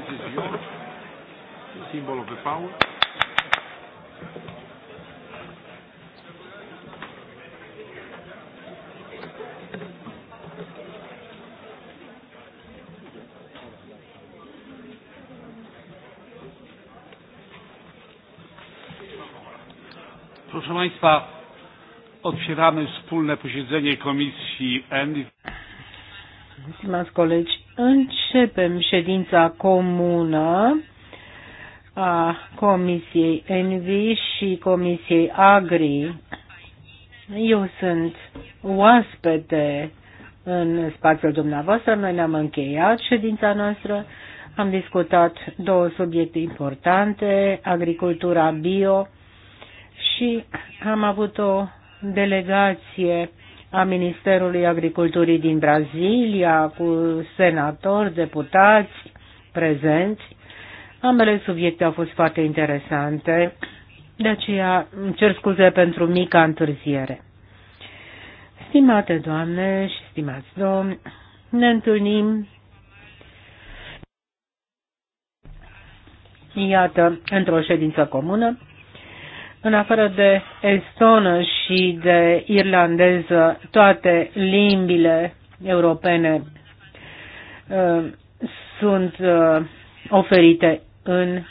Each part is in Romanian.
This is your symbol of Proszę Państwa, otwieramy wspólne posiedzenie Komisji ENVI. Stimați colegi, începem ședința comună a Comisiei Envi și Comisiei Agri. Eu sunt oaspete în spațiul dumneavoastră. Noi ne-am încheiat ședința noastră. Am discutat două subiecte importante, agricultura bio și am avut o delegație a Ministerului Agriculturii din Brazilia cu senatori, deputați prezenți. Ambele subiecte au fost foarte interesante, de aceea îmi cer scuze pentru mica întârziere. Stimate doamne și stimați domni, ne întâlnim iată, într-o ședință comună, în afară de estonă și de irlandeză, toate limbile europene uh, sunt uh, oferite în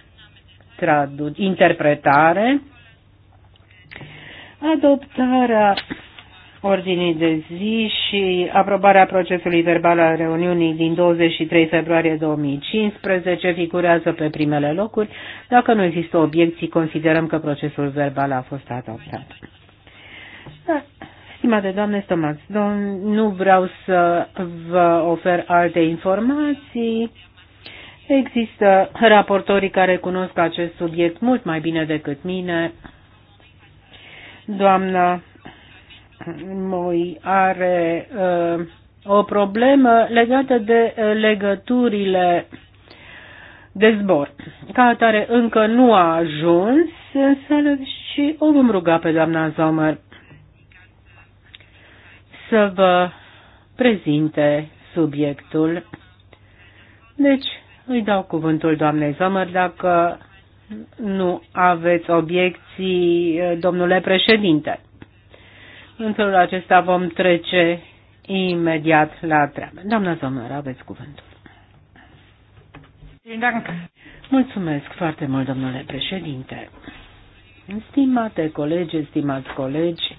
tradu- interpretare. Adoptarea ordinii de zi și aprobarea procesului verbal al reuniunii din 23 februarie 2015 figurează pe primele locuri. Dacă nu există obiecții, considerăm că procesul verbal a fost adoptat. Da. Stimate doamne stomați, domn, nu vreau să vă ofer alte informații. Există raportorii care cunosc acest subiect mult mai bine decât mine. Doamna Moi are uh, o problemă legată de uh, legăturile de zbor. Ca atare încă nu a ajuns în sală și o vom ruga pe doamna Zomer să vă prezinte subiectul. Deci, îi dau cuvântul doamnei Zomer dacă nu aveți obiecții, domnule președinte. În felul acesta vom trece imediat la treabă. Doamna Zomer, aveți cuvântul. Mulțumesc foarte mult, domnule președinte. Stimate colegi, stimați colegi,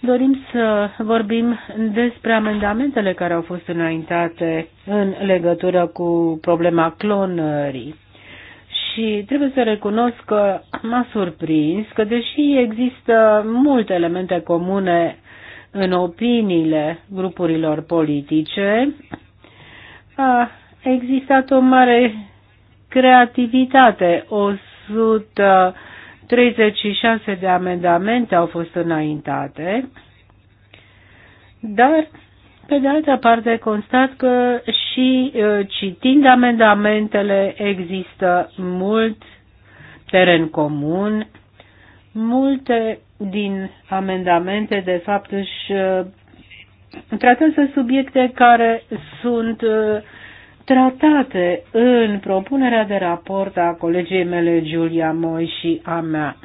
dorim să vorbim despre amendamentele care au fost înaintate în legătură cu problema clonării și trebuie să recunosc că m-a surprins că deși există multe elemente comune în opiniile grupurilor politice, a existat o mare creativitate. 136 de amendamente au fost înaintate, dar pe de altă parte, constat că și uh, citind amendamentele există mult teren comun, multe din amendamente, de fapt, își uh, tratează subiecte care sunt uh, tratate în propunerea de raport a colegii mele Giulia Moi și a mea.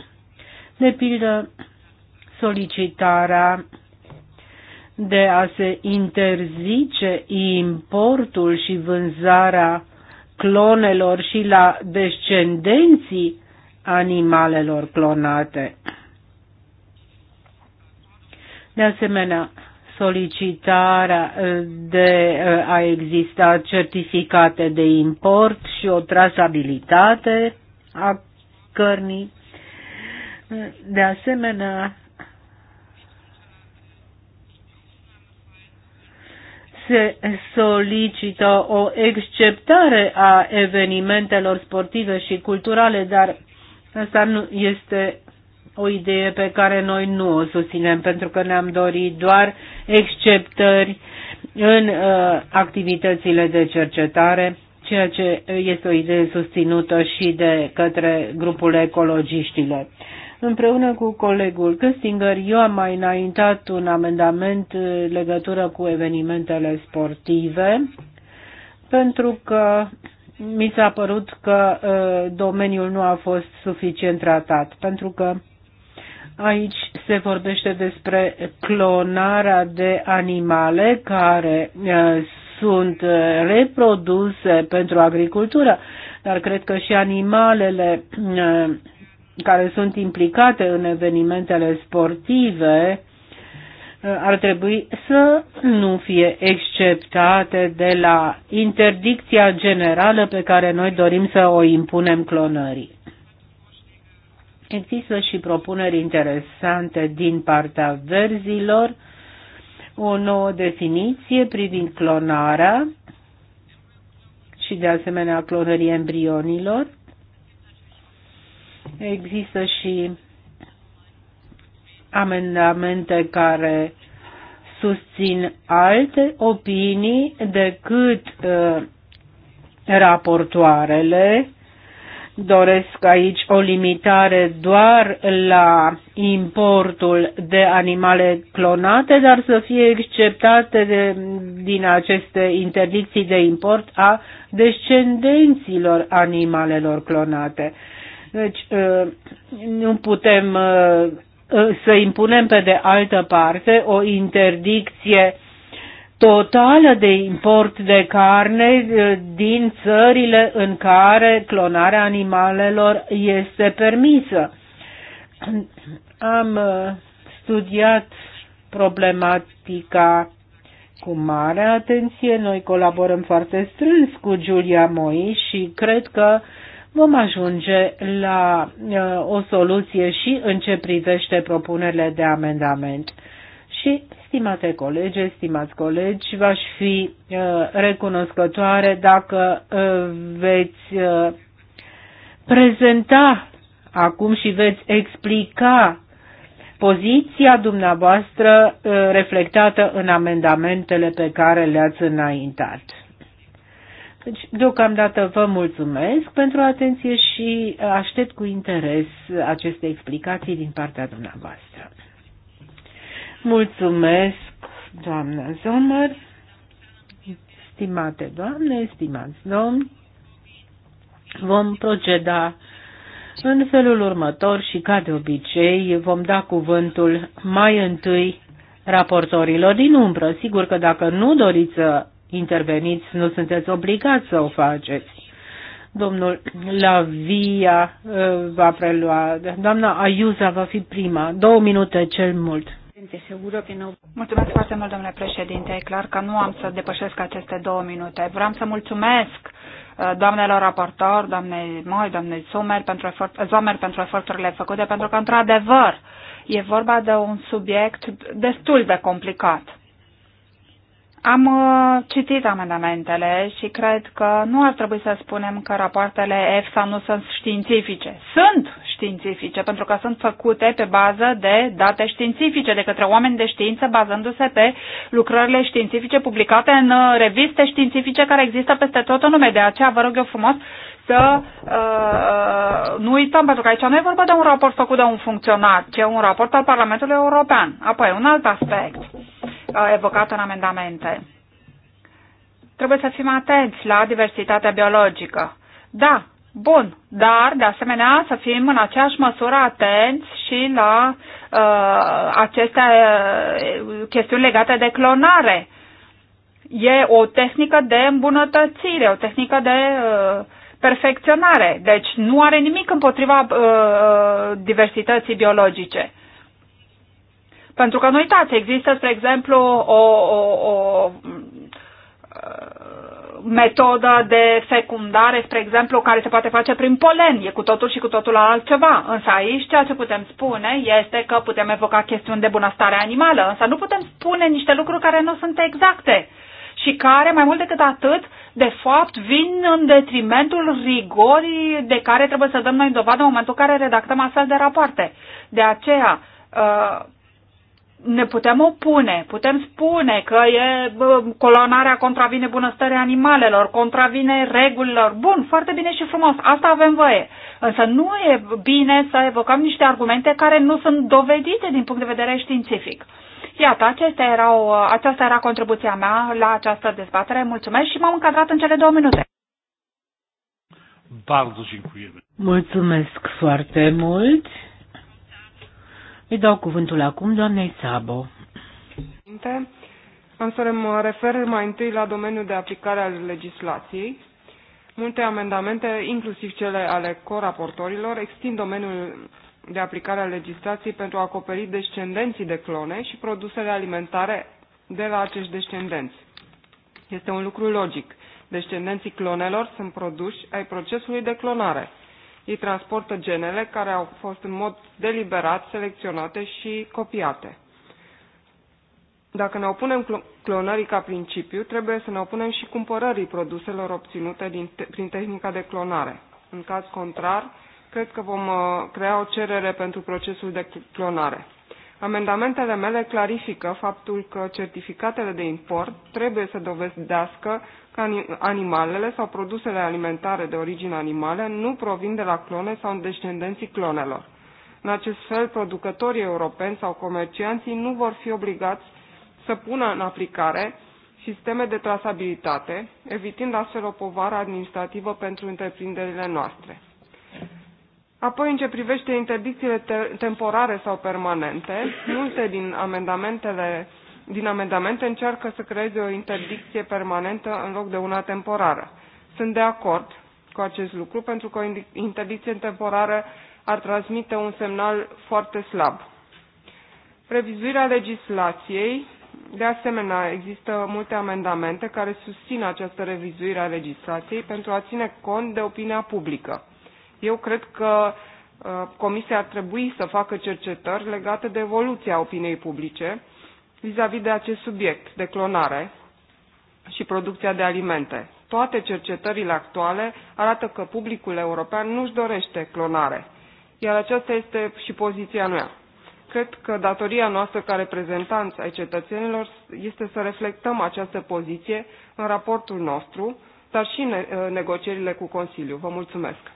De pildă, solicitarea de a se interzice importul și vânzarea clonelor și la descendenții animalelor clonate. De asemenea, solicitarea eh, de eh, a exista certificate de import și o trasabilitate a cărnii. De asemenea, se solicită o exceptare a evenimentelor sportive și culturale, dar asta nu este o idee pe care noi nu o susținem, pentru că ne-am dorit doar exceptări în uh, activitățile de cercetare, ceea ce este o idee susținută și de către grupul ecologiștilor. Împreună cu colegul Köstinger, eu am mai înaintat un amendament legătură cu evenimentele sportive, pentru că mi s-a părut că ă, domeniul nu a fost suficient tratat, pentru că aici se vorbește despre clonarea de animale care ă, sunt reproduse pentru agricultură, dar cred că și animalele ă, care sunt implicate în evenimentele sportive ar trebui să nu fie exceptate de la interdicția generală pe care noi dorim să o impunem clonării. Există și propuneri interesante din partea verzilor, o nouă definiție privind clonarea și de asemenea clonării embrionilor Există și amendamente care susțin alte opinii decât uh, raportoarele. Doresc aici o limitare doar la importul de animale clonate, dar să fie exceptate de, din aceste interdicții de import a descendenților animalelor clonate. Uh, deci ă, nu putem ă, ă, să impunem pe de altă parte o interdicție totală de import de carne din țările în care clonarea animalelor este permisă. Am studiat problematica cu mare atenție. Noi colaborăm foarte strâns cu Giulia Moi și cred că uh, vom ajunge la uh, o soluție și în ce privește propunerile de amendament. Și, stimate colegi, stimați colegi, v-aș fi uh, recunoscătoare dacă uh, veți prezenta acum și veți explica poziția dumneavoastră reflectată în amendamentele pe care le-ați înaintat. Deci, deocamdată vă mulțumesc pentru atenție și aștept cu interes aceste explicații din partea dumneavoastră. Mulțumesc, doamna Zomăr, stimate doamne, stimați domni, vom proceda în felul următor și, ca de obicei, vom da cuvântul mai întâi raportorilor din umbră. Sigur că dacă nu doriți să interveniți, nu sunteți obligați să o faceți. Domnul Lavia uh, va prelua. Doamna Ayuza va fi prima. Două minute cel mult. Mulțumesc foarte mult, domnule președinte. E clar că nu am să depășesc aceste două minute. Vreau să mulțumesc uh, doamnelor raportor, doamnei Moi, doamnei Zomer pentru, efort, Zomer pentru eforturile făcute, pentru că, într-adevăr, e vorba de un subiect destul de complicat. Am uh, citit amendamentele și cred că nu ar trebui să spunem că rapoartele EFSA nu sunt științifice. Sunt științifice, pentru că sunt făcute pe bază de date științifice, de către oameni de știință, bazându-se pe lucrările științifice publicate în uh, reviste științifice care există peste tot în lume. De aceea vă rog eu frumos să uh, uh, nu uităm, pentru că aici nu e vorba de un raport făcut de un funcționar, ci un raport al Parlamentului European. Apoi, un alt aspect evocat în amendamente. Trebuie să fim atenți la diversitatea biologică. Da, bun, dar de asemenea să fim în aceeași măsură atenți și la uh, aceste uh, chestiuni legate de clonare. E o tehnică de îmbunătățire, o tehnică de uh, perfecționare. Deci nu are nimic împotriva uh, uh diversității biologice. Pentru că nu uitați, există, spre exemplu, o, o, o uh, metodă de fecundare, spre exemplu, care se poate face prin polen. E cu totul și cu totul altceva. Însă aici ceea ce putem spune este că putem evoca chestiuni de bunăstare animală, însă nu putem spune niște lucruri care nu sunt exacte și care, mai mult decât atât, de fapt, vin în detrimentul rigorii de care trebuie să dăm noi dovadă în momentul în care redactăm astfel de rapoarte. De aceea, uh, ne putem opune, putem spune că e, colonarea contravine bunăstării animalelor, contravine regulilor. Bun, foarte bine și frumos, asta avem voie. Însă nu e bine să evocăm niște argumente care nu sunt dovedite din punct de vedere științific. Iată, acestea erau, aceasta era contribuția mea la această dezbatere. Mulțumesc și m-am încadrat în cele două minute. Mulțumesc foarte mult. Îi dau cuvântul acum doamnei Sabo. Am să mă refer mai întâi la domeniul de aplicare al legislației. Multe amendamente, inclusiv cele ale coraportorilor, extind domeniul de aplicare a legislației pentru a acoperi descendenții de clone și produsele alimentare de la acești descendenți. Este un lucru logic. Descendenții clonelor sunt produși ai procesului de clonare – ei transportă genele care au fost în mod deliberat selecționate și copiate. Dacă ne opunem clonării ca principiu, trebuie să ne opunem și cumpărării produselor obținute din te- prin tehnica de clonare. În caz contrar, cred că vom uh, crea o cerere pentru procesul de clonare. Amendamentele mele clarifică faptul că certificatele de import trebuie să dovedească că animalele sau produsele alimentare de origine animală nu provin de la clone sau descendenții clonelor. În acest fel, producătorii europeni sau comercianții nu vor fi obligați să pună în aplicare sisteme de trasabilitate, evitând astfel o povară administrativă pentru întreprinderile noastre. Apoi, în ce privește interdicțiile temporare sau permanente, multe din amendamentele din amendamente încearcă să creeze o interdicție permanentă în loc de una temporară. Sunt de acord cu acest lucru pentru că o interdicție temporară ar transmite un semnal foarte slab. Revizuirea legislației, de asemenea, există multe amendamente care susțin această revizuire a legislației pentru a ține cont de opinia publică. Eu cred că uh, Comisia ar trebui să facă cercetări legate de evoluția opiniei publice, vis-a-vis -vis de acest subiect de clonare și producția de alimente. Toate cercetările actuale arată că publicul european nu-și dorește clonare, iar aceasta este și poziția mea. Cred că datoria noastră ca reprezentanți ai cetățenilor este să reflectăm această poziție în raportul nostru, dar și în uh, negocierile cu Consiliul. Vă mulțumesc!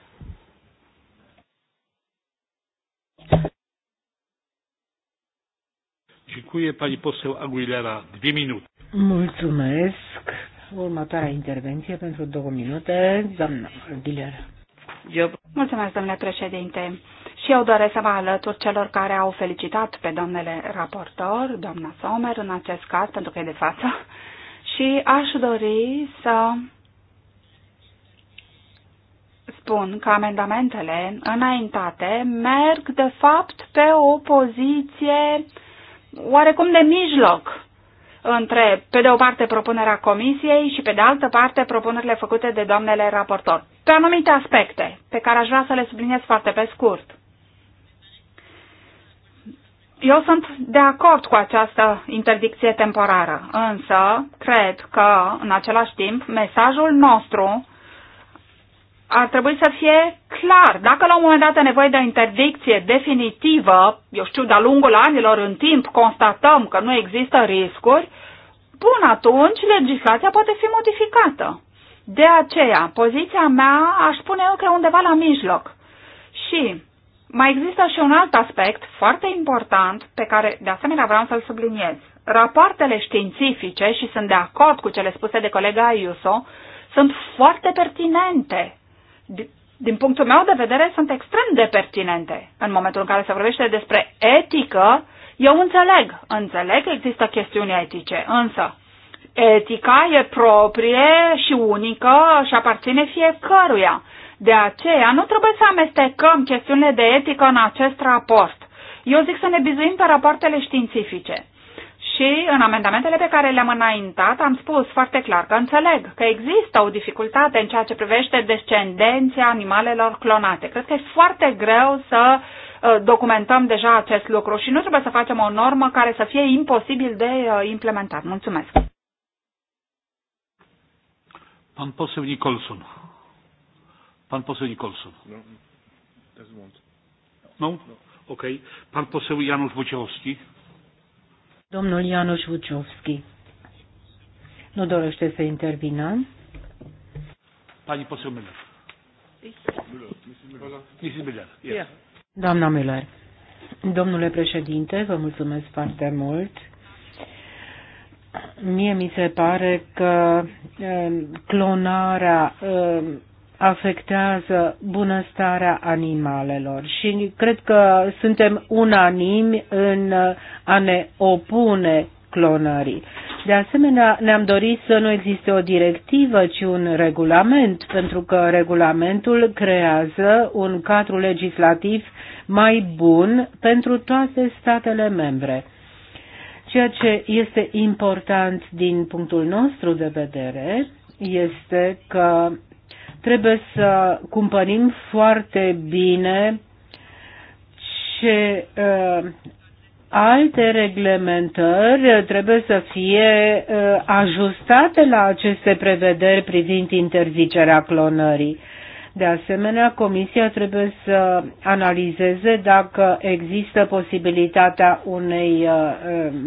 Dziękuję pani poseł Aguilera. Dwie minute. Mulțumesc. Următoarea intervenție pentru două minute, doamna Aguilera. Eu... Mulțumesc, domnule președinte. Și eu doresc să mă alătur celor care au felicitat pe domnele raportor, doamna Sommer în acest caz, pentru că e de față, și aș dori să spun că amendamentele înaintate merg de fapt pe o poziție uh, oarecum de mijloc între, pe de o parte, propunerea comisiei și, pe de altă parte, propunerile făcute de doamnele raportor, pe anumite aspecte pe care aș vrea să le subliniez foarte pe scurt. Eu sunt de acord cu această interdicție temporară, însă cred că, în același timp, mesajul nostru ar trebui să fie clar. Dacă la un moment dat e nevoie de o interdicție definitivă, eu știu, de-a lungul anilor în timp, constatăm că nu există riscuri, până atunci legislația poate fi modificată. De aceea, poziția mea aș pune eu că undeva la mijloc. Și mai există și un alt aspect foarte important pe care de asemenea vreau să-l subliniez. Rapoartele științifice, și sunt de acord cu cele spuse de colega Iuso, sunt foarte pertinente din punctul meu de vedere, sunt extrem de pertinente. În momentul în care se vorbește despre etică, eu înțeleg, înțeleg că există chestiuni etice, însă etica e proprie și unică și aparține fiecăruia. De aceea nu trebuie să amestecăm chestiunile de etică în acest raport. Eu zic să ne bizuim pe rapoartele științifice. Și în amendamentele pe care le-am înaintat am spus foarte clar că înțeleg că există o dificultate în ceea ce privește descendenția animalelor clonate. Cred că e foarte greu să uh, documentăm deja acest lucru și nu trebuie să facem o normă care să fie imposibil de uh, implementat. Mulțumesc. Pan poseł Nicholson. Pan poseł Nicholson. No, no. no? no. Okej. Okay. Pan poseł Janusz Wojciechowski. Domnul Ianoș Vuciovski nu dorește să intervină. Pani poseł Miller. Mrs. Müller. Doamna Miller, Domnule președinte, vă mulțumesc foarte mult. Mie mi se pare că uh, clonarea uh, afectează bunăstarea animalelor și cred că suntem unanimi în a ne opune clonării. De asemenea, ne-am dorit să nu existe o directivă, ci un regulament, pentru că regulamentul creează un cadru legislativ mai bun pentru toate statele membre. Ceea ce este important din punctul nostru de vedere este că Trebuie să cumpărim foarte bine ce uh, alte reglementări trebuie să fie uh, ajustate la aceste prevederi privind interzicerea clonării. De asemenea, Comisia trebuie să analizeze dacă există posibilitatea unei uh,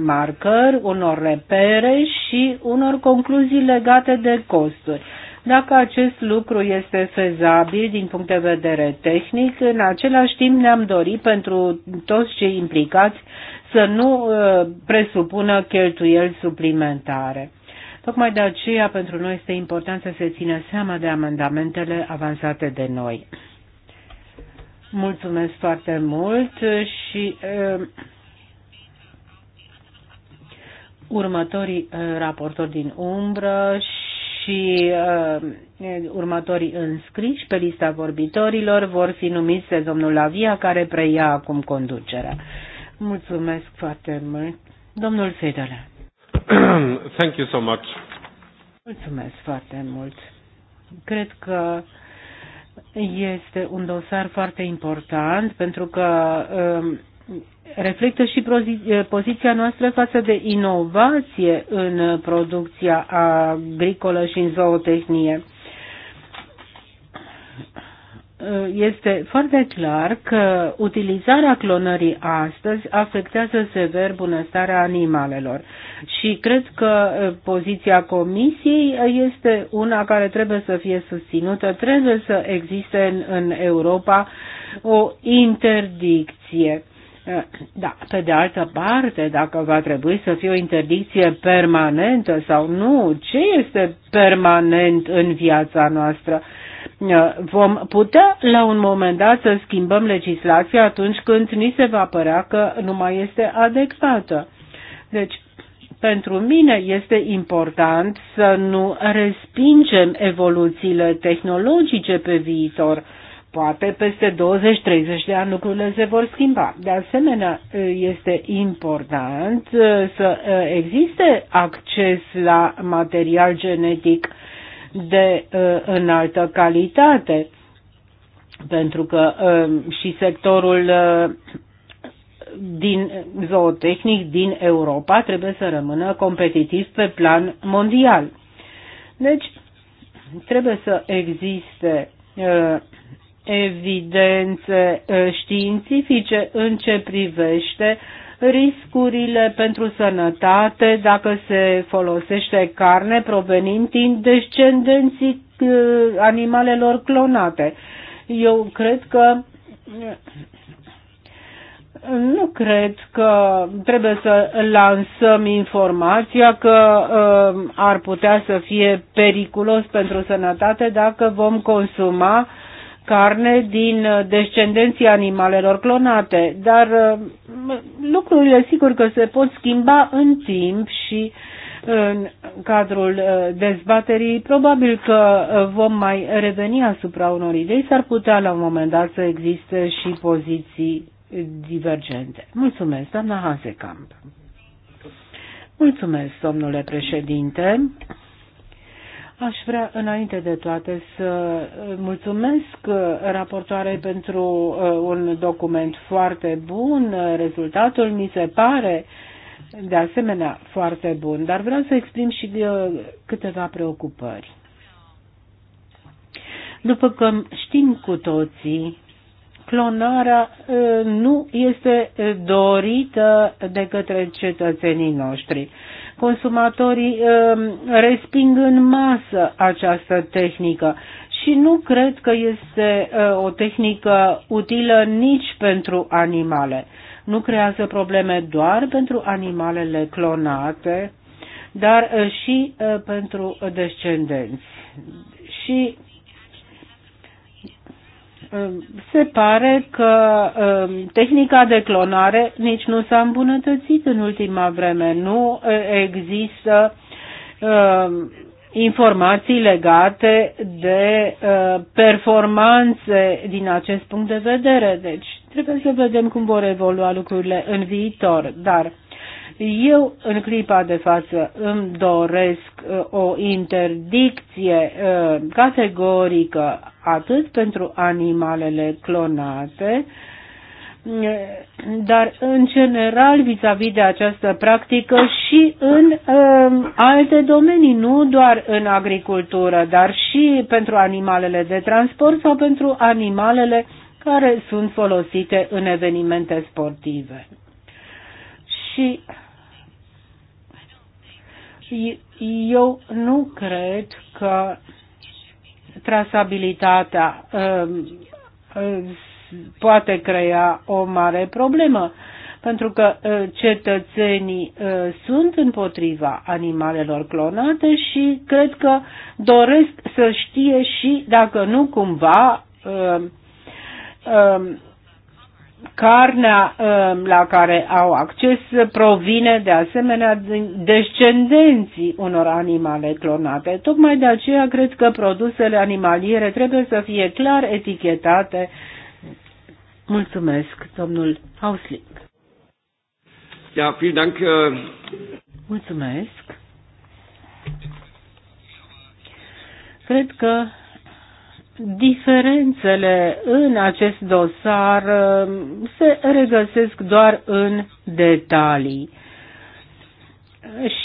marcări, unor repere și unor concluzii legate de costuri. Dacă acest lucru este fezabil din punct de vedere tehnic, în același timp ne-am dorit pentru toți cei implicați să nu uh, presupună cheltuieli suplimentare. Tocmai de aceea pentru noi este important să se țină seama de amendamentele avansate de noi. Mulțumesc foarte mult și uh, următorii uh, raportori din umbră și uh, următorii înscriși pe lista vorbitorilor vor fi numiți de domnul Lavia, care preia acum conducerea. Mulțumesc foarte mult. Domnul Fedele. Thank you so much. Mulțumesc foarte mult. Cred că este un dosar foarte important pentru că uh, reflectă și eh, poziția noastră față de inovație în producția agricolă și în zootehnie. Eh, este foarte clar că utilizarea clonării astăzi afectează sever bunăstarea animalelor și cred că eh, poziția comisiei este una care trebuie să fie susținută. Trebuie să existe în, în Europa o interdicție Eh, da, pe de altă parte, dacă va trebui să fie o interdicție permanentă sau nu, ce este permanent în viața noastră? Eh, vom putea la un moment dat să schimbăm legislația atunci când ni se va părea că nu mai este adecvată. Deci, pentru mine este important să nu respingem evoluțiile tehnologice pe viitor poate peste 20-30 de ani lucrurile se vor schimba. De asemenea, este important uh, să uh, existe acces la material genetic de uh, înaltă calitate, pentru că și sectorul din zootehnic din Europa trebuie să rămână competitiv pe plan mondial. Deci, trebuie să existe evidențe ă, științifice în ce privește riscurile pentru sănătate dacă se folosește carne provenind din descendenții ă, animalelor clonate. Eu cred că nu cred că trebuie să lansăm informația că uh, ar putea să fie periculos pentru sănătate dacă vom consuma carne din uh, descendenții animalelor clonate, dar uh, lucrurile sigur că se pot schimba în timp și în cadrul uh, dezbaterii probabil că vom mai reveni asupra unor idei, s-ar putea la un moment dat să existe și poziții divergente. Mulțumesc, doamna Hasekamp. Mulțumesc, domnule președinte. Aș vrea înainte de toate să mulțumesc raportoarei pentru uh, un document foarte bun. Rezultatul mi se pare de asemenea foarte bun, dar vreau să exprim și uh, câteva preocupări. După cum știm cu toții, clonarea uh, nu este dorită de către cetățenii noștri consumatorii um, resping în masă această tehnică și nu cred că este uh, o tehnică utilă nici pentru animale. Nu creează probleme doar pentru animalele clonate, dar uh, și uh, pentru descendenți. Și Ehm, se pare că ehm, tehnica de clonare nici nu s-a îmbunătățit în ultima vreme. Nu există ehm, informații legate de performanțe din acest punct de vedere. Deci trebuie să vedem cum vor evolua lucrurile în viitor. Dar eu, în clipa de față, îmi doresc uh, o interdicție uh, categorică atât pentru animalele clonate, uh, dar în general vis-a-vis -vis de această practică și în um, alte domenii, nu doar în agricultură, dar și pentru animalele de transport sau pentru animalele care sunt folosite în evenimente sportive. Și eu nu cred că trasabilitatea um, um, poate crea o mare problemă, pentru că uh, cetățenii uh, sunt împotriva animalelor clonate și cred că doresc să știe și dacă nu cumva um, carnea ă, la care au acces provine de asemenea din descendenții unor animale clonate. Tocmai de aceea cred că produsele animaliere trebuie să fie clar etichetate. Mulțumesc, domnul Hausling. Ja, vielen Dank. Äh, Mulțumesc. Cred că diferențele în acest dosar uh, se regăsesc doar în detalii.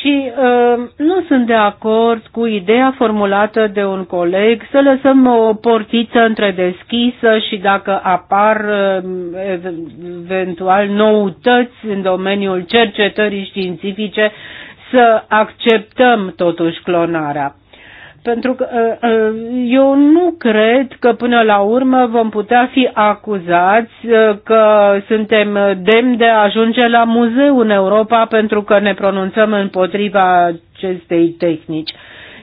Și uh, nu sunt de acord cu ideea formulată de un coleg să lăsăm o portiță între deschisă și dacă apar uh, eventual noutăți în domeniul cercetării științifice, să acceptăm totuși clonarea. Pentru că uh, uh, eu nu cred că până la urmă vom putea fi acuzați uh, că suntem demni de a ajunge la muzeu în Europa pentru că ne pronunțăm împotriva acestei tehnici.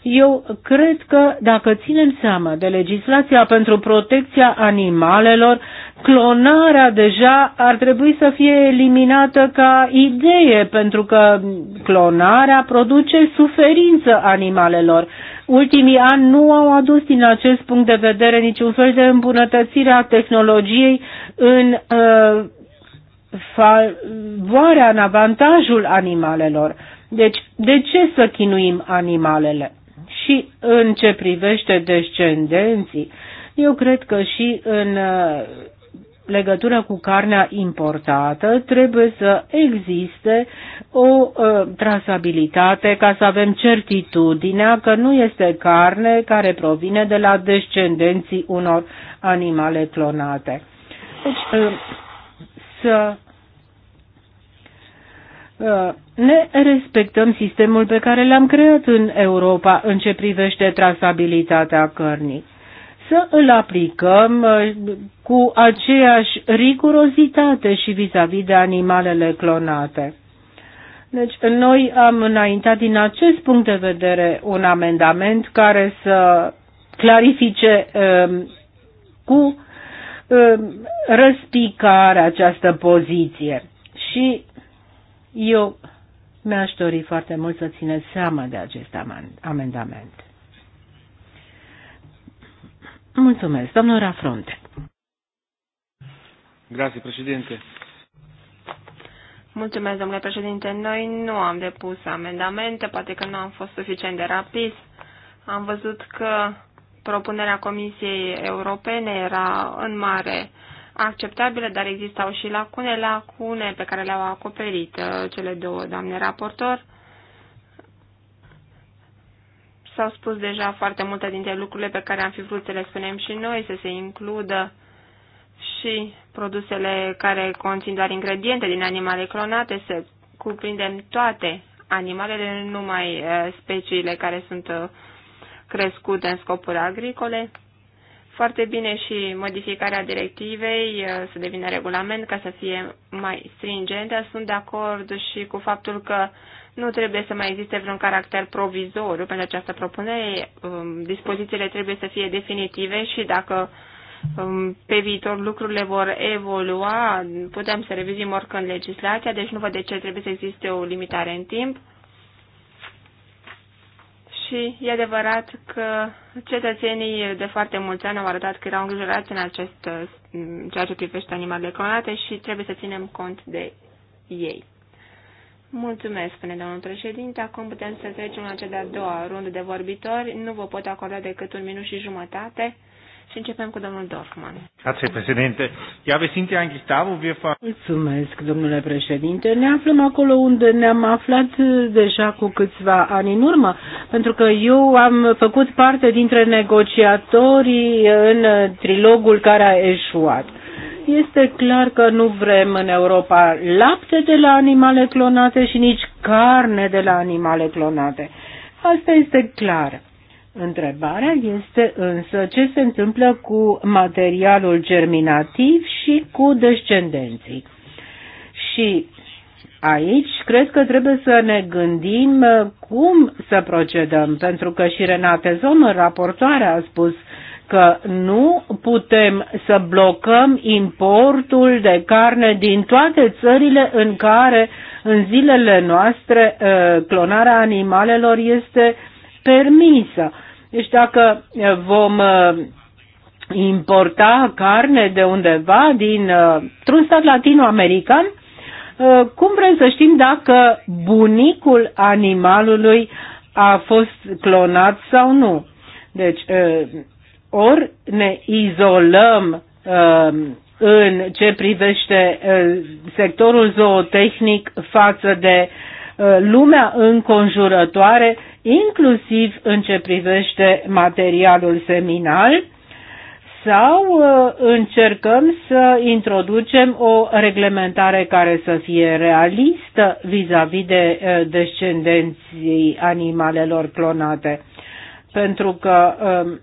Eu cred că dacă ținem seama de legislația pentru protecția animalelor, clonarea deja ar trebui să fie eliminată ca idee, pentru că clonarea produce suferință animalelor ultimii ani nu au adus din acest punct de vedere niciun fel de îmbunătățire a tehnologiei în uh, favoarea, în avantajul animalelor. Deci, de ce să chinuim animalele? Și în ce privește descendenții, eu cred că și în uh, legătură cu carnea importată, trebuie să existe o uh, trasabilitate ca să avem certitudinea că nu este carne care provine de la descendenții unor animale clonate. Deci, uh, să uh, ne respectăm sistemul pe care l-am creat în Europa în ce privește trasabilitatea cărnii să îl aplicăm uh, cu aceeași rigurozitate și vis-a-vis -vis de animalele clonate. Deci noi am înaintat din acest punct de vedere un amendament care să clarifice um, cu um, răspicare această poziție. Și eu mi-aș dori foarte mult să țineți seama de acest amendament. Mulțumesc, domnul Rafronte. Grazie, președinte. Mulțumesc, domnule președinte. Noi nu am depus amendamente, poate că nu am fost suficient de rapis. Am văzut că propunerea Comisiei Europene era în mare acceptabilă, dar existau și lacune, lacune pe care le-au acoperit uh, cele două doamne raportori. S-au spus deja foarte multe dintre lucrurile pe care am fi vrut să le spunem și noi, să se includă și produsele care conțin doar ingrediente din animale clonate, să cuprindem toate animalele, nu numai speciile care sunt crescute în scopuri agricole. Foarte bine și modificarea directivei să devină regulament ca să fie mai stringentă. Sunt de acord și cu faptul că nu trebuie să mai existe vreun caracter provizoriu pentru această propunere. Um, dispozițiile trebuie să fie definitive și dacă um, pe viitor lucrurile vor evolua, putem să revizim oricând legislația, deci nu văd de ce trebuie să existe o limitare în timp. Și e adevărat că cetățenii de foarte mulți ani au arătat că erau îngrijorați în acest, ceea ce privește animalele clonate și trebuie să ținem cont de ei. Mulțumesc, spune domnul președinte. Acum putem să trecem la cea de-a doua rundă de vorbitori. Nu vă pot acorda decât un minut și jumătate. Și începem cu domnul Dorfman. Grazie, președinte. Ia vă simte anche stavo, fa. Mulțumesc, domnule președinte. Ne aflăm acolo unde ne-am aflat uh, deja cu câțiva ani în urmă, pentru că eu am făcut parte dintre negociatorii uh, în uh, trilogul care a eșuat. Deci, este clar că nu vrem în Europa lapte de la animale clonate și nici carne de la animale clonate. Asta este clar. Întrebarea este însă ce se întâmplă cu materialul germinativ și cu descendenții. Și aici cred că trebuie să ne gândim uh, cum să procedăm, pentru că și Renate Zomă, raportoarea, a spus că nu putem să blocăm importul de carne din toate țările în care în zilele noastre uh, clonarea animalelor este permisă. Deci dacă uh, vom uh, importa carne de undeva din un stat latinoamerican, cum vrem să știm dacă bunicul animalului a fost clonat sau nu? Deci ori ne izolăm um, în ce privește uh, sectorul zootehnic față de uh, lumea înconjurătoare, inclusiv în ce privește materialul seminal, sau uh, încercăm să introducem o reglementare care să fie realistă vis-a-vis -vis de descendenții animalelor clonate. Pentru că um,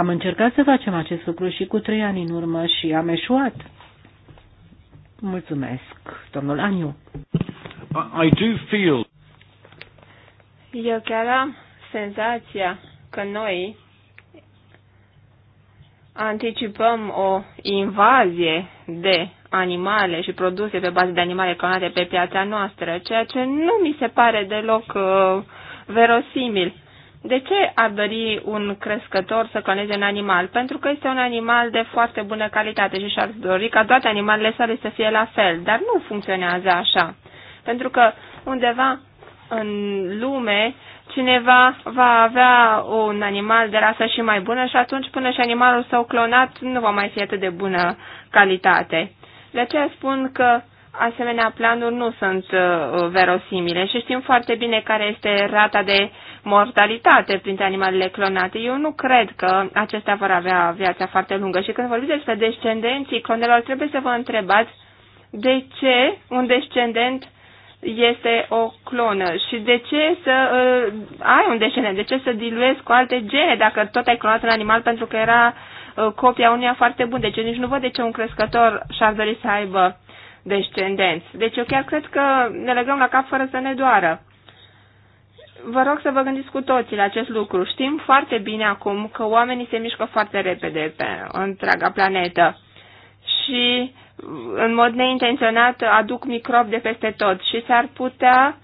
am încercat să facem acest lucru și cu trei ani în urmă și am eșuat. Mulțumesc, domnul Aniu. I do feel... Eu chiar am senzația că noi anticipăm o invazie de animale și produse pe bază de animale clonate pe piața noastră, ceea ce nu mi se pare deloc uh, verosimil. De ce ar dori un crescător să cloneze un animal? Pentru că este un animal de foarte bună calitate și și-ar dori ca toate animalele sale să fie la fel, dar nu funcționează așa. Pentru că undeva în lume cineva va avea un animal de rasă și mai bună și atunci până și animalul său clonat nu va mai fi atât de bună calitate. De aceea spun că asemenea planuri nu sunt uh, verosimile și știm foarte bine care este rata de mortalitate printre animalele clonate. Eu nu cred că acestea vor avea viața foarte lungă și când vorbiți despre descendenții clonelor, trebuie să vă întrebați de ce un descendent este o clonă și de ce să uh, ai un descendent, de ce să diluezi cu alte gene dacă tot ai clonat un animal pentru că era uh, copia unuia foarte bună. Deci eu nici nu văd de ce un crescător și-ar dori să aibă descendenți. Deci eu chiar cred că ne legăm la cap fără să ne doară. Vă rog să vă gândiți cu toții la acest lucru. Știm foarte bine acum că oamenii se mișcă foarte repede pe întreaga planetă și în mod neintenționat aduc microbi de peste tot și s-ar putea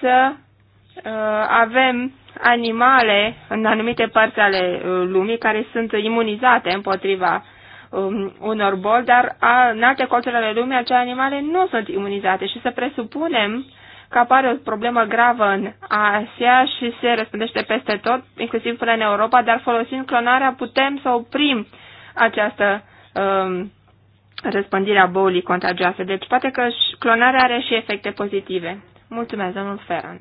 să uh, avem animale în anumite părți ale uh, lumii care sunt imunizate împotriva um, unor boli, dar a, în alte colțuri ale lumii acele animale nu sunt imunizate și să presupunem că apare o problemă gravă în Asia și se răspândește peste tot, inclusiv până în Europa, dar folosind clonarea putem să oprim această um, răspândire a bolii contagioase. Deci poate că clonarea are și efecte pozitive. Mulțumesc, domnul Ferrand.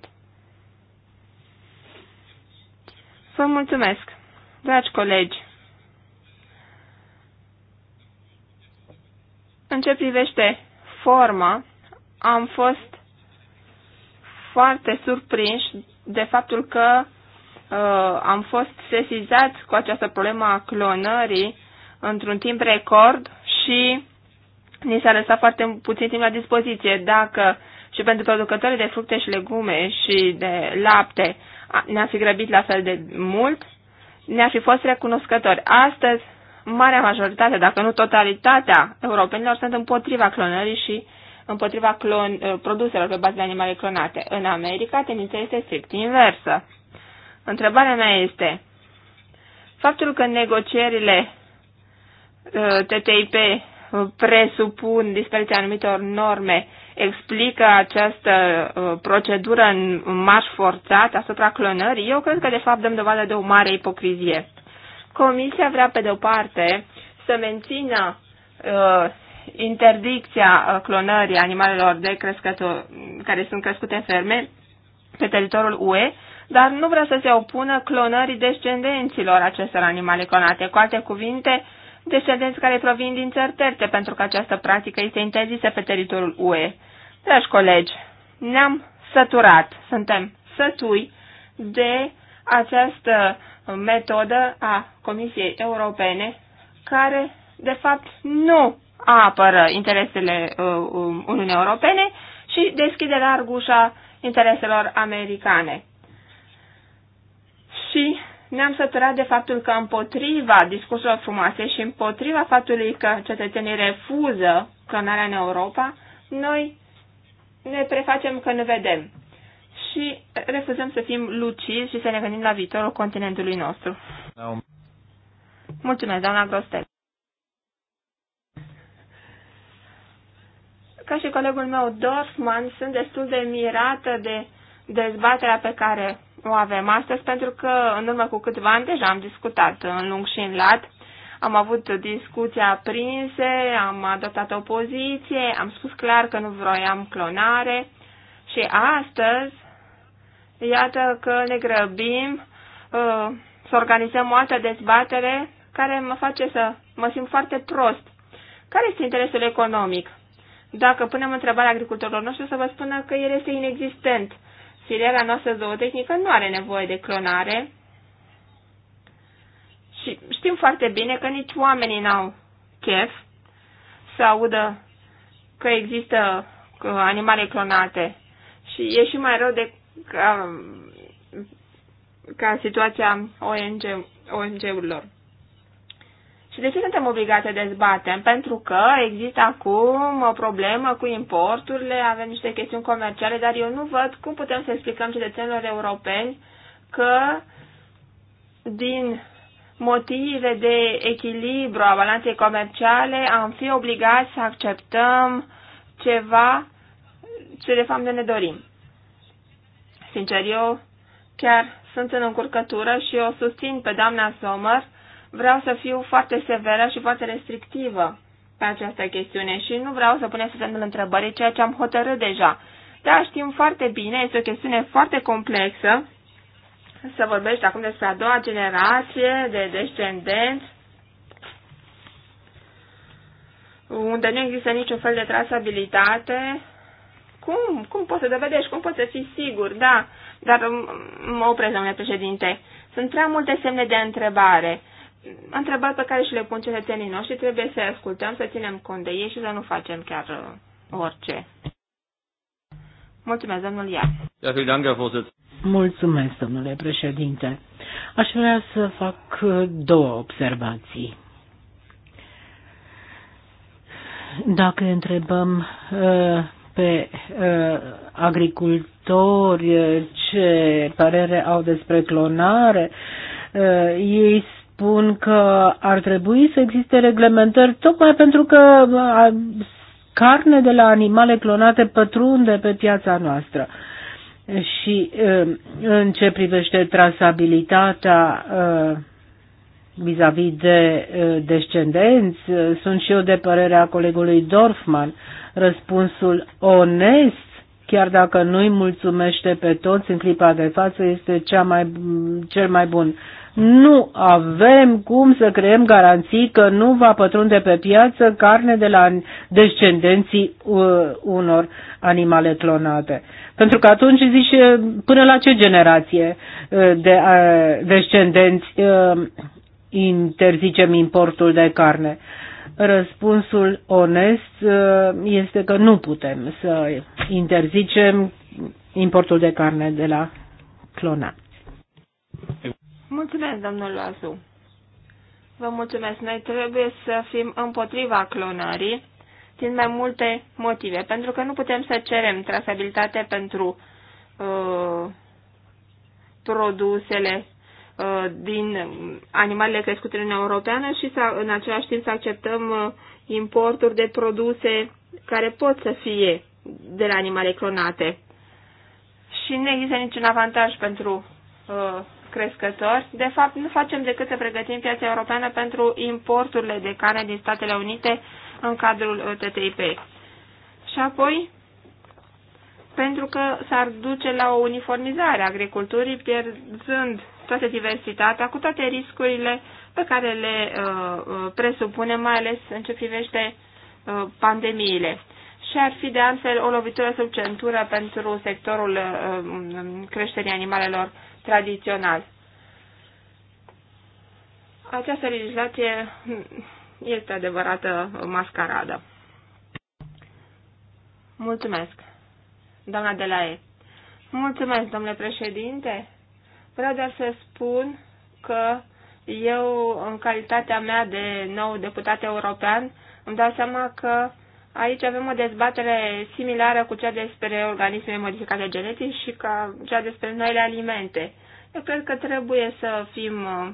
Vă mulțumesc, dragi colegi. În ce privește forma, am fost foarte surprinși de faptul că uh, am fost sesizați cu această problemă a clonării într-un timp record și ni s-a lăsat foarte puțin timp la dispoziție. Dacă și pentru producătorii de fructe și legume și de lapte ne-a fi grăbit la fel de mult, ne a fi fost recunoscători. Astăzi, marea majoritate, dacă nu totalitatea europenilor, sunt împotriva clonării și împotriva clon, uh, produselor pe bază de animale clonate. În America, tendința este strict inversă. Întrebarea mea este, faptul că negocierile uh, TTIP presupun dispariția anumitor norme explică această uh, procedură în marș forțat asupra clonării, eu cred că de fapt dăm dovadă de o mare ipocrizie. Comisia vrea pe de o parte să mențină interdicția uh, clonării animalelor de crescător, care sunt crescute în ferme pe teritoriul UE, dar nu vrea să se opună clonării descendenților acestor animale clonate. Cu alte cuvinte, descendenți care provin din țări terțe, pentru că această practică este interzisă pe teritoriul UE. Dragi colegi, ne-am săturat, suntem sătui de această metodă a Comisiei Europene, care, de fapt, nu apără interesele uh, um, Uniunii Europene și deschide larg ușa intereselor americane. Și ne-am săturat de faptul că împotriva discursurilor frumoase și împotriva faptului că cetățenii refuză clonarea în Europa, noi ne prefacem că ne vedem și refuzăm să fim lucizi și să ne gândim la viitorul continentului nostru. No. Da, Mulțumesc, doamna Grostel. Ca și colegul meu Dorfman, sunt destul de mirată de dezbaterea pe care o avem astăzi, pentru că în urmă cu câțiva ani deja am discutat în lung și în lat, am avut discuții aprinse, am adoptat o poziție, am spus clar că nu vroiam clonare și astăzi, iată că ne grăbim uh, să organizăm o altă dezbatere care mă face să mă simt foarte prost. Care este interesul economic? Dacă punem întrebarea agricultorilor noștri, o să vă spună că el este inexistent. Filiera noastră zootehnică nu are nevoie de clonare. Și știm foarte bine că nici oamenii n-au chef să audă că există animale clonate. Și e și mai rău de ca, ca situația ONG, ONG-urilor. Și de ce suntem obligați să dezbatem? Pentru că există acum o problemă cu importurile, avem niște chestiuni comerciale, dar eu nu văd cum putem să explicăm cetățenilor europeni că din motive de echilibru a balanței comerciale am fi obligați să acceptăm ceva ce de fapt ne dorim. Sincer, eu chiar sunt în încurcătură și o susțin pe doamna Sommer vreau să fiu foarte severă și foarte restrictivă pe această chestiune și nu vreau să punem sub semnul întrebării ceea ce am hotărât deja. Da, știm foarte bine, este o chestiune foarte complexă să vorbești acum despre a doua generație de descendenți unde nu există niciun fel de trasabilitate. Cum? Cum poți să dovedești? Cum poți să fii sigur? Da, dar mă opresc, domnule președinte. Sunt prea multe semne de întrebare întrebări pe care și le pun cetățenii noștri, trebuie să ascultăm, să ținem cont de ei și să nu facem chiar uh, orice. Mulțumesc, domnul Ia. Mulțumesc, domnule președinte. Aș vrea să fac uh, două observații. Dacă întrebăm uh, pe agricultori ce părere au despre clonare, ei spun că ar trebui să existe reglementări tocmai pentru că carne de la animale clonate pătrunde pe piața noastră. Și în ce privește trasabilitatea vis-a-vis -vis de descendenți, sunt și eu de părerea colegului Dorfman. Răspunsul onest chiar dacă nu îi mulțumește pe toți în clipa de față, este cea mai, cel mai bun. Nu avem cum să creăm garanții că nu va pătrunde pe piață carne de la descendenții uh, unor animale clonate. Pentru că atunci zici uh, până la ce generație uh, de uh, descendenți uh, interzicem importul de carne. Uh, Răspunsul onest uh, este că nu putem să interzicem importul de carne de la clona. Mulțumesc, domnul Lazu. Vă mulțumesc. Noi trebuie să fim împotriva clonării din mai multe motive, pentru că nu putem să cerem trasabilitate pentru uh, produsele Uh, din animalele crescute în Uniunea Europeană și să, în același timp să acceptăm uh, importuri de produse care pot să fie de la animale clonate. Și nu există niciun avantaj pentru uh, crescători. De fapt, nu facem decât să pregătim piața europeană pentru importurile de carne din Statele Unite în cadrul uh, TTIP. Și apoi, pentru că s-ar duce la o uniformizare a agriculturii, pierzând toată diversitatea, cu toate riscurile pe care le uh, uh, presupune, mai ales în ce privește uh, pandemiile. Și ar fi de altfel o lovitură sub centură pentru sectorul uh, um, creșterii animalelor tradițional. Această legislație este adevărată mascaradă. Mulțumesc, doamna Delae. Mulțumesc, domnule președinte. Vreau doar să spun că eu, în calitatea mea de nou deputat european, îmi dau seama că aici avem o dezbatere similară cu cea despre organisme modificate genetic și ca cea despre noile alimente. Eu cred că trebuie să fim uh,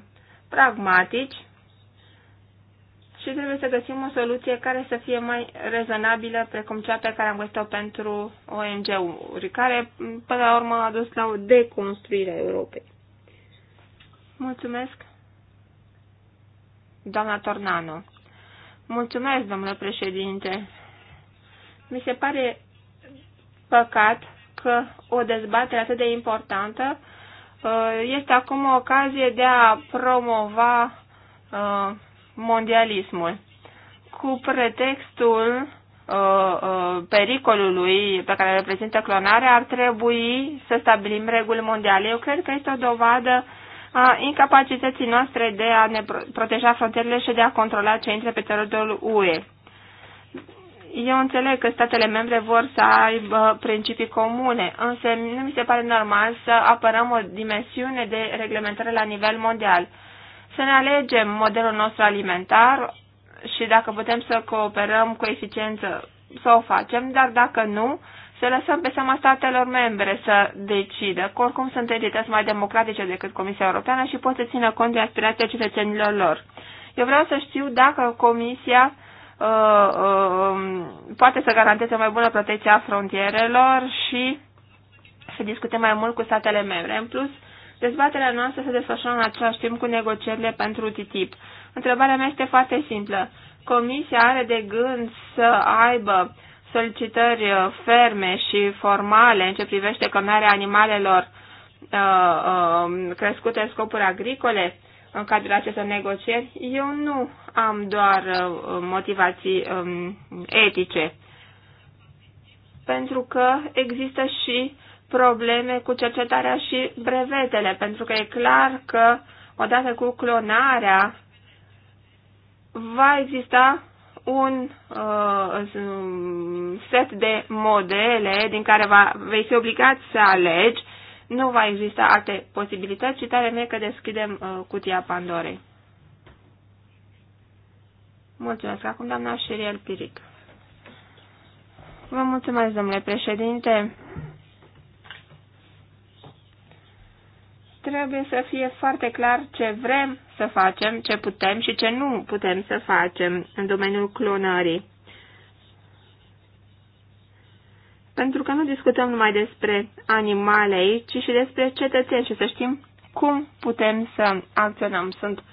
pragmatici și trebuie să găsim o soluție care să fie mai rezonabilă, precum cea pe care am găsit-o pentru ONG-uri, care până la urmă a dus la o deconstruire a Europei. Mulțumesc. Doamna Tornano. Mulțumesc, domnule președinte. Mi se pare păcat că o dezbatere atât de importantă uh, este acum o ocazie de a promova uh, mondialismul cu pretextul uh, pericolului pe care reprezintă clonarea, ar trebui să stabilim reguli mondiale. Eu cred că este o dovadă a incapacității noastre de a ne proteja frontierele și de a controla ce intre pe teritoriul UE. Eu înțeleg că statele membre vor să aibă principii comune, însă nu mi se pare normal să apărăm o dimensiune de reglementare la nivel mondial. Să ne alegem modelul nostru alimentar și dacă putem să cooperăm cu eficiență, să o facem, dar dacă nu, să lăsăm pe seama statelor membre să decidă, că oricum sunt entități mai democratice decât Comisia Europeană și pot să țină cont de aspirația cetățenilor lor. Eu vreau să știu dacă Comisia uh, uh, poate să garanteze mai bună protecție a frontierelor și să discute mai mult cu statele membre. În plus, dezbaterea noastră se desfășoară în același timp cu negocierile pentru TTIP. Întrebarea mea este foarte simplă. Comisia are de gând să aibă solicitări uh, ferme și formale în ce privește cămnarea animalelor uh, uh, crescute în scopuri agricole în cadrul acestor negocieri, eu nu am doar motivații um, etice, pentru că există și probleme cu cercetarea și brevetele, pentru că e clar că odată cu clonarea va exista un uh, set de modele din care va, vei fi obligat să alegi, nu va exista alte posibilități, ci tare mie că deschidem uh, cutia Pandorei. Mulțumesc. Acum doamna Șeriel Piric. Vă mulțumesc, domnule președinte. Trebuie să fie foarte clar ce vrem să facem, ce putem și ce nu putem să facem în domeniul clonării. Pentru că nu discutăm numai despre animale aici, ci și despre cetățeni și să știm cum putem să acționăm. Sunt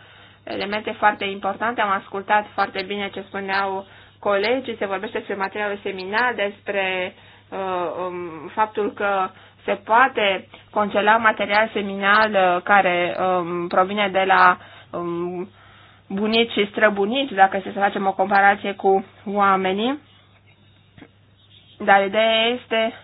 elemente foarte importante, am ascultat foarte bine ce spuneau colegii, se vorbește despre materialul seminar, despre uh, um, faptul că se poate congela material seminal uh, care um, provine de la um, bunici și străbunici, dacă se să facem o comparație cu oamenii. Dar ideea este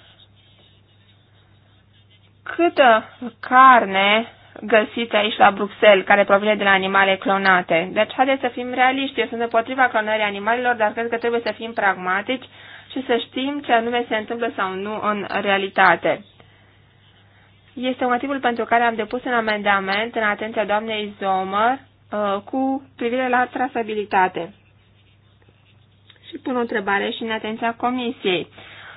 câtă carne găsiți aici la Bruxelles, care provine de la animale clonate. Deci haideți să fim realiști. Eu sunt împotriva clonării animalelor, dar cred că trebuie să fim pragmatici și să știm ce anume se întâmplă sau nu în realitate este motivul pentru care am depus un amendament în atenția doamnei Zomăr uh, cu privire la trasabilitate. Și pun o întrebare și în atenția comisiei,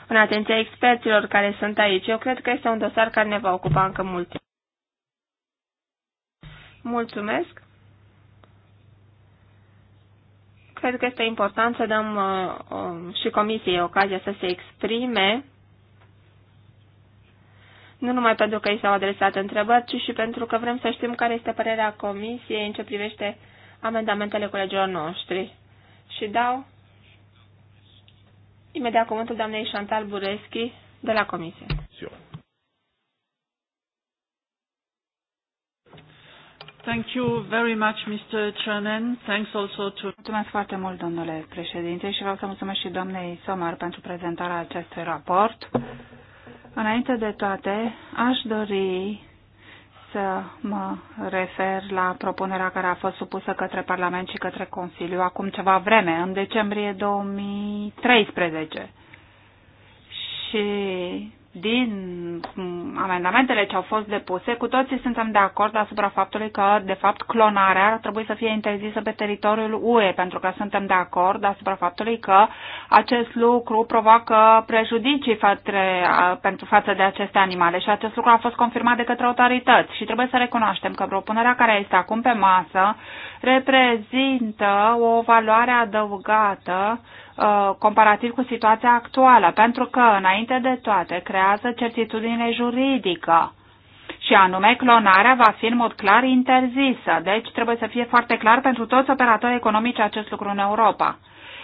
în atenția experților care sunt aici. Eu cred că este un dosar care ne va ocupa încă mult Mulțumesc. Cred că este important să dăm uh, uh, și comisiei ocazia să se exprime nu numai pentru că i s-au adresat întrebări, ci și pentru că vrem să știm care este părerea Comisiei în ce privește amendamentele colegilor noștri. Și dau imediat cuvântul doamnei Chantal Bureschi de la Comisie. Thank you very much, Mr. Chairman. Thanks also to... Mulțumesc foarte mult, domnule președinte, și vreau să mulțumesc și doamnei Somar pentru prezentarea acestui raport. Înainte de toate, aș dori să mă refer la propunerea care a fost supusă către Parlament și către Consiliu acum ceva vreme, în decembrie 2013. Și din mm, amendamentele ce au fost depuse, cu toții suntem de acord asupra faptului că, de fapt, clonarea ar trebui să fie interzisă pe teritoriul UE, pentru că suntem de acord asupra faptului că acest lucru provoacă prejudicii fatre, pentru față de aceste animale și acest lucru a fost confirmat de către autorități și trebuie să recunoaștem că propunerea care este acum pe masă reprezintă o valoare adăugată Uh, comparativ cu situația actuală, pentru că, înainte de toate, creează certitudine juridică și anume clonarea va fi în mod clar interzisă, deci trebuie să fie foarte clar pentru toți operatorii economici acest lucru în Europa.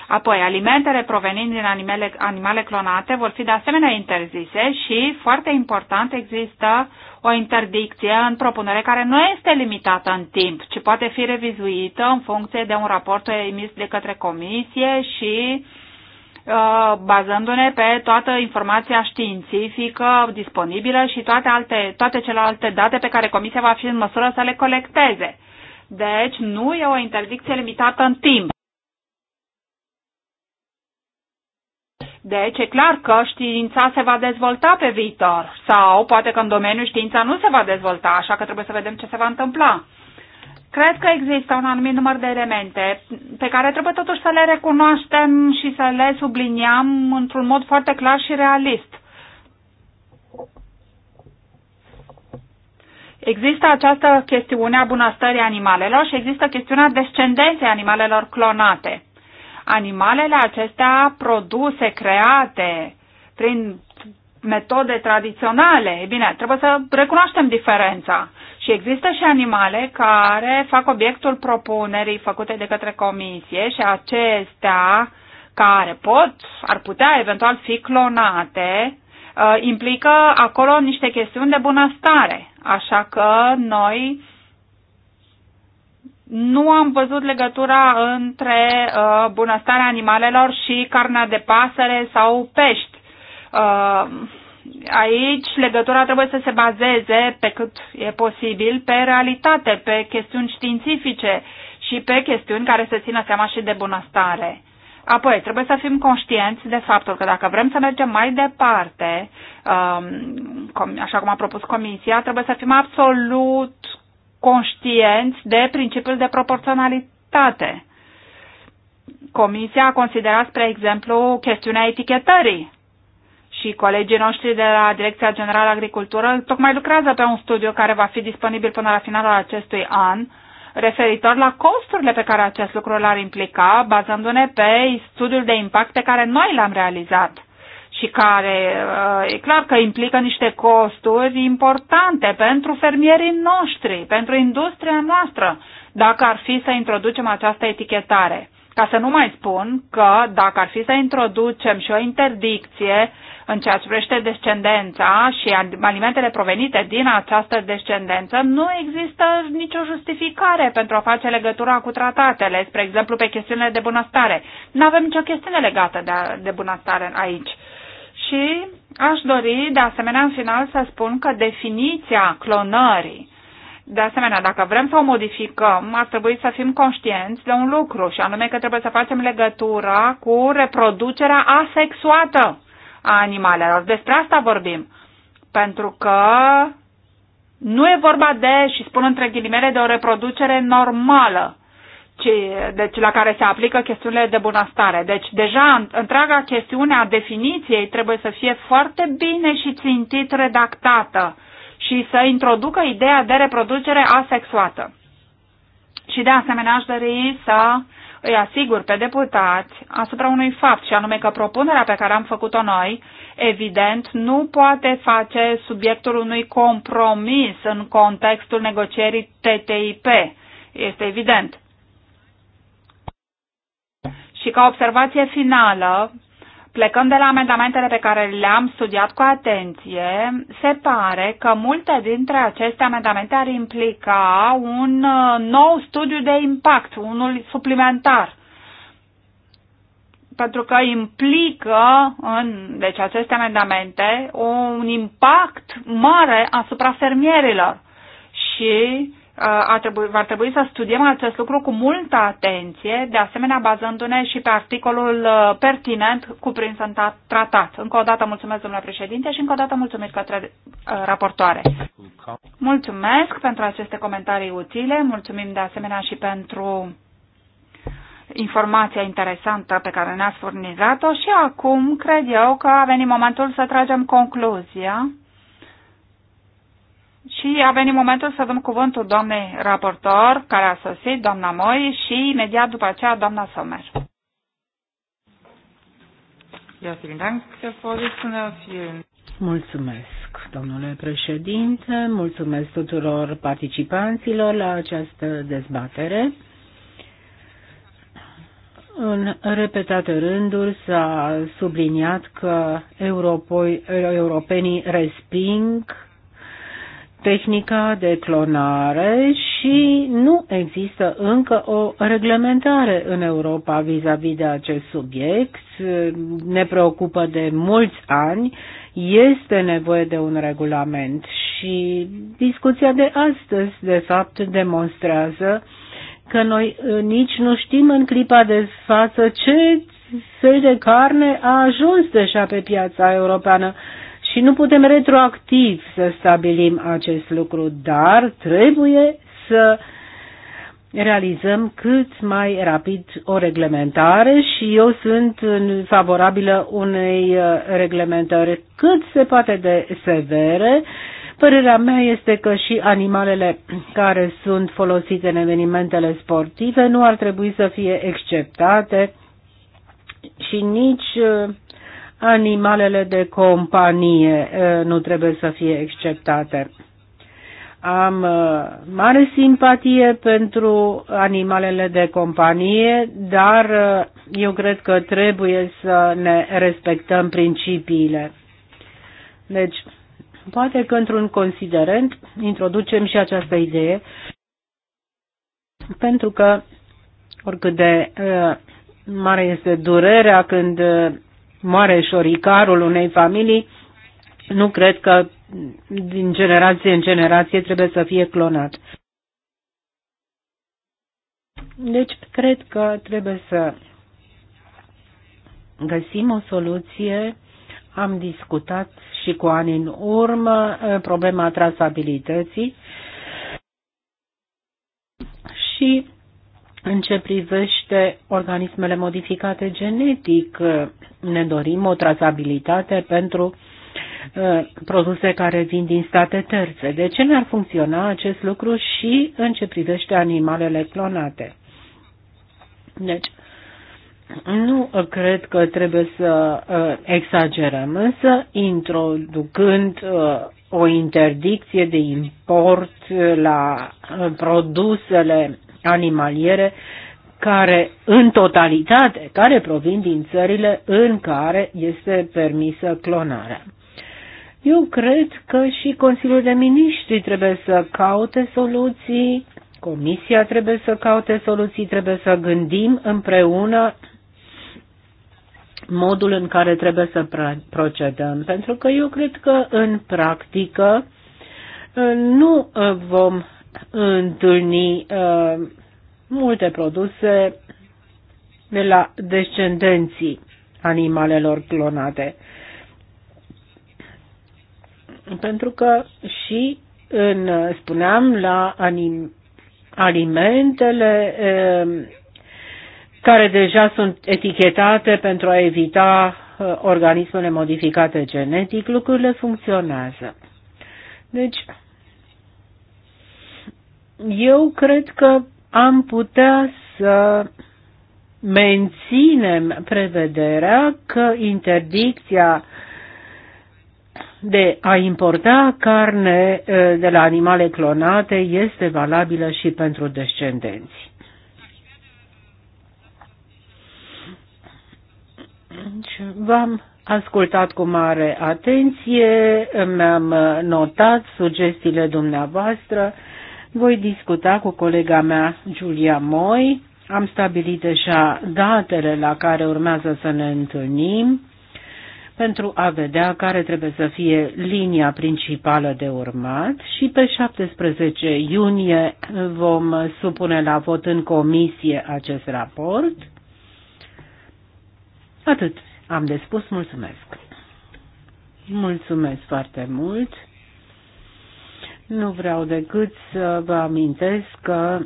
Apoi, alimentele provenind din animale, animale clonate vor fi de asemenea interzise și, foarte important, există o interdicție în propunere care nu este limitată în timp, ci poate fi revizuită în funcție de un raport emis de către comisie și uh, bazându-ne pe toată informația științifică disponibilă și toate, alte, toate celelalte date pe care comisia va fi în măsură să le colecteze. Deci nu e o interdicție limitată în timp. Deci e clar că știința se va dezvolta pe viitor sau poate că în domeniul știința nu se va dezvolta, așa că trebuie să vedem ce se va întâmpla. Cred că există un anumit număr de elemente pe care trebuie totuși să le recunoaștem și să le subliniem într-un mod foarte clar și realist. Există această chestiune a bunăstării animalelor și există chestiunea descendenței animalelor clonate. Animalele acestea produse, create prin metode tradiționale, e bine, trebuie să recunoaștem diferența. Și există și animale care fac obiectul propunerii făcute de către comisie și acestea care pot, ar putea eventual fi clonate, uh, implică acolo niște chestiuni de bunăstare. Așa că noi nu am văzut legătura între uh, bunăstarea animalelor și carnea de pasăre sau pești. Uh, aici legătura trebuie să se bazeze pe cât e posibil pe realitate, pe chestiuni științifice și pe chestiuni care se țină seama și de bunăstare. Apoi, trebuie să fim conștienți de faptul că dacă vrem să mergem mai departe, um, așa cum a propus Comisia, trebuie să fim absolut conștienți de principiul de proporționalitate. Comisia a considerat, spre exemplu, chestiunea etichetării și colegii noștri de la Direcția Generală Agricultură tocmai lucrează pe un studiu care va fi disponibil până la finalul acestui an referitor la costurile pe care acest lucru l-ar implica, bazându-ne pe studiul de impact pe care noi l-am realizat și care uh, e clar că implică niște costuri importante pentru fermierii noștri, pentru industria noastră, dacă ar fi să introducem această etichetare. Ca să nu mai spun că dacă ar fi să introducem și o interdicție în ceea ce privește descendența și alimentele provenite din această descendență, nu există nicio justificare pentru a face legătura cu tratatele, spre exemplu pe chestiunile de bunăstare. Nu avem nicio chestiune legată de, de bunăstare aici. Și aș dori, de asemenea, în final să spun că definiția clonării, de asemenea, dacă vrem să o modificăm, ar trebui să fim conștienți de un lucru, și anume că trebuie să facem legătura cu reproducerea asexuată a animalelor. Despre asta vorbim. Pentru că nu e vorba de, și spun între ghilimele, de o reproducere normală ci, deci la care se aplică chestiunile de bunăstare. Deci deja întreaga chestiune a definiției trebuie să fie foarte bine și țintit redactată și să introducă ideea de reproducere asexuată. Și de asemenea aș dori să îi asigur pe deputați asupra unui fapt, și anume că propunerea pe care am făcut-o noi, evident, nu poate face subiectul unui compromis în contextul negocierii TTIP. Este evident. Și ca observație finală, plecând de la amendamentele pe care le-am studiat cu atenție, se pare că multe dintre aceste amendamente ar implica un uh, nou studiu de impact, unul suplimentar. Pentru că implică în deci aceste amendamente un impact mare asupra fermierilor și a trebui, va trebui să studiem acest lucru cu multă atenție, de asemenea bazându-ne și pe articolul uh, pertinent cuprins în tratat. Încă o dată mulțumesc, domnule președinte, și încă o dată mulțumesc către uh, raportoare. Mulțumesc pentru aceste comentarii utile, mulțumim de asemenea și pentru informația interesantă pe care ne-ați furnizat-o și acum cred eu că a venit momentul să tragem concluzia și a venit momentul să dăm cuvântul doamnei raportor, care a sosit, doamna Moi, și imediat după aceea doamna Sommer. Mulțumesc, domnule președinte, mulțumesc tuturor participanților la această dezbatere. În repetate rânduri s-a subliniat că europenii resping tehnica de clonare și nu există încă o reglementare în Europa vis-a-vis -vis de acest subiect. Ne preocupă de mulți ani, este nevoie de un regulament și discuția de astăzi, de fapt, demonstrează că noi uh, nici nu știm în clipa de față ce fel de carne a ajuns deja pe piața europeană și nu putem retroactiv să stabilim acest lucru, dar trebuie să realizăm cât mai rapid o reglementare și eu sunt favorabilă unei uh, reglementări cât se poate de severe. Părerea mea este că și animalele care sunt folosite în evenimentele sportive nu ar trebui să fie exceptate și nici uh, animalele de companie nu trebuie să fie exceptate. Am mare simpatie pentru animalele de companie, dar eu cred că trebuie să ne respectăm principiile. Deci, poate că într-un considerent introducem și această idee, pentru că oricât de mare este durerea când mare șoricarul unei familii, nu cred că din generație în generație trebuie să fie clonat. Deci, cred că trebuie să găsim o soluție. Am discutat și cu ani în urmă eh, problema trasabilității și în ce privește organismele modificate genetic, ne dorim o trazabilitate pentru uh, produse care vin din state terțe. De ce n-ar funcționa acest lucru și în ce privește animalele clonate? Deci, nu cred că trebuie să uh, exagerăm, însă introducând uh, o interdicție de import la produsele animaliere care în totalitate, care provin din țările în care este permisă clonarea. Eu cred că și Consiliul de Miniștri trebuie să caute soluții, Comisia trebuie să caute soluții, trebuie să gândim împreună modul în care trebuie să procedăm, pentru că eu cred că în practică nu uh, vom întâlni uh, multe produse de la descendenții animalelor clonate. Pentru că și în, spuneam, la anim, alimentele e, uh, care deja sunt etichetate pentru a evita e, uh, organismele modificate genetic, lucrurile funcționează. Deci, eu cred că am putea să menținem prevederea că interdicția de a importa carne eh, de la animale clonate este valabilă și pentru descendenți. Deci, v-am ascultat cu mare atenție, mi-am eh, notat sugestiile dumneavoastră voi discuta cu colega mea, Julia Moi. Am stabilit deja datele la care urmează să ne întâlnim pentru a vedea care trebuie să fie linia principală de urmat și pe 17 iunie vom supune la vot în comisie acest raport. Atât am de spus, mulțumesc. Mulțumesc foarte mult. Nu vreau decât să vă amintesc că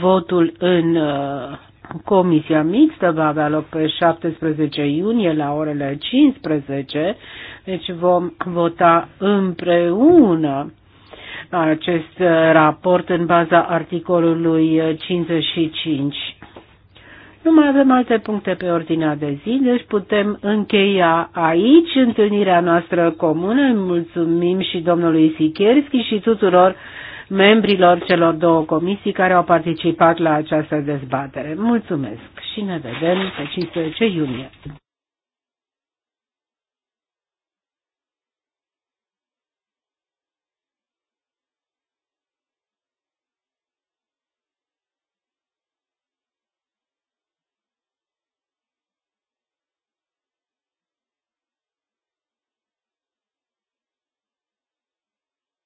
votul în uh, Comisia mixtă va avea loc pe 17 iunie la orele 15, deci vom vota împreună acest uh, raport în baza articolului 55 uh, nu mai avem alte puncte pe ordinea de zi, deci putem încheia aici întâlnirea noastră comună. Îi mulțumim și domnului Sikierski și tuturor membrilor celor două comisii care au participat la această dezbatere. Mulțumesc și ne vedem pe 15 iunie.